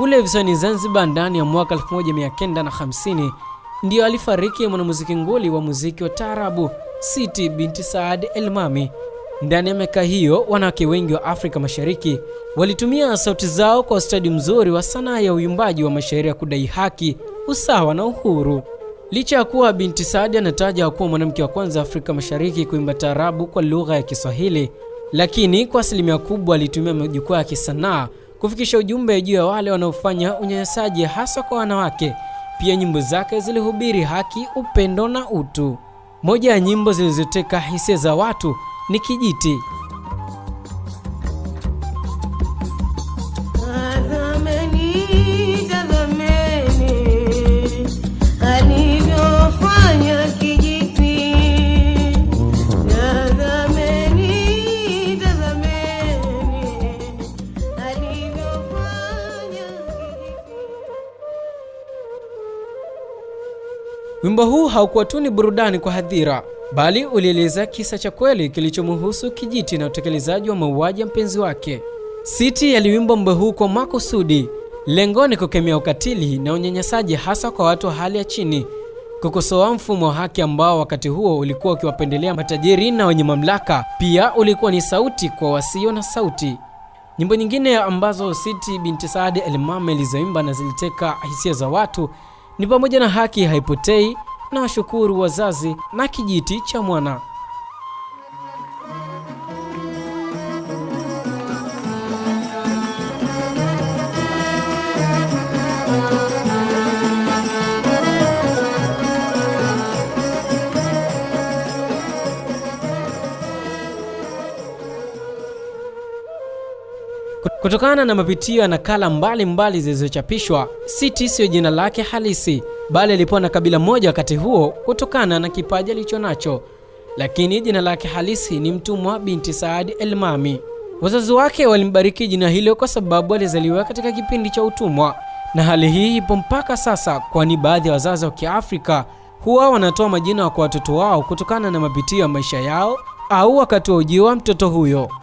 kule visiwani Zanzibar ndani ya mwaka 1950 ndiyo alifariki mwanamuziki nguli wa muziki wa taarabu Siti binti Saad Elmami. Ndani ya miaka hiyo, wanawake wengi wa Afrika Mashariki walitumia sauti zao kwa ustadi mzuri wa sanaa ya uyumbaji wa mashairi ya kudai haki, usawa na uhuru. Licha ya kuwa binti Saadi anataja kuwa mwanamke wa kwanza Afrika Mashariki kuimba taarabu kwa lugha ya Kiswahili, lakini kwa asilimia kubwa alitumia majukwaa ya kisanaa kufikisha ujumbe juu ya wale wanaofanya unyanyasaji hasa kwa wanawake. Pia nyimbo zake zilihubiri haki, upendo na utu. Moja ya nyimbo zilizoteka hisia za watu ni Kijiti. Wimbo huu haukuwa tu ni burudani kwa hadhira, bali ulieleza kisa cha kweli kilichomhusu Kijiti na utekelezaji wa mauaji ya mpenzi wake. Siti aliwimba wimbo huu kwa makusudi. Lengo ni kukemea ukatili na unyanyasaji, hasa kwa watu wa hali ya chini, kukosoa mfumo wa haki ambao wakati huo ulikuwa ukiwapendelea matajiri na wenye mamlaka. Pia ulikuwa ni sauti kwa wasio na sauti. Nyimbo nyingine ambazo Siti binti Saadi Elmame alizoimba na ziliteka hisia za watu ni pamoja na haki haipotei na washukuru wazazi na kijiti cha mwana. Kutokana na mapitio ya nakala mbalimbali zilizochapishwa, Siti siyo jina lake halisi, bali alikuwa na kabila moja wakati huo kutokana na kipaji alicho nacho, lakini jina lake halisi ni Mtumwa binti Saadi Elmami. Wazazi wake walimbariki jina hilo kwa sababu alizaliwa katika kipindi cha utumwa, na hali hii ipo mpaka sasa, kwani baadhi ya wazazi wa Kiafrika huwa wanatoa majina kwa watoto wao kutokana na mapitio ya maisha yao au wakati wa ujio wa mtoto huyo.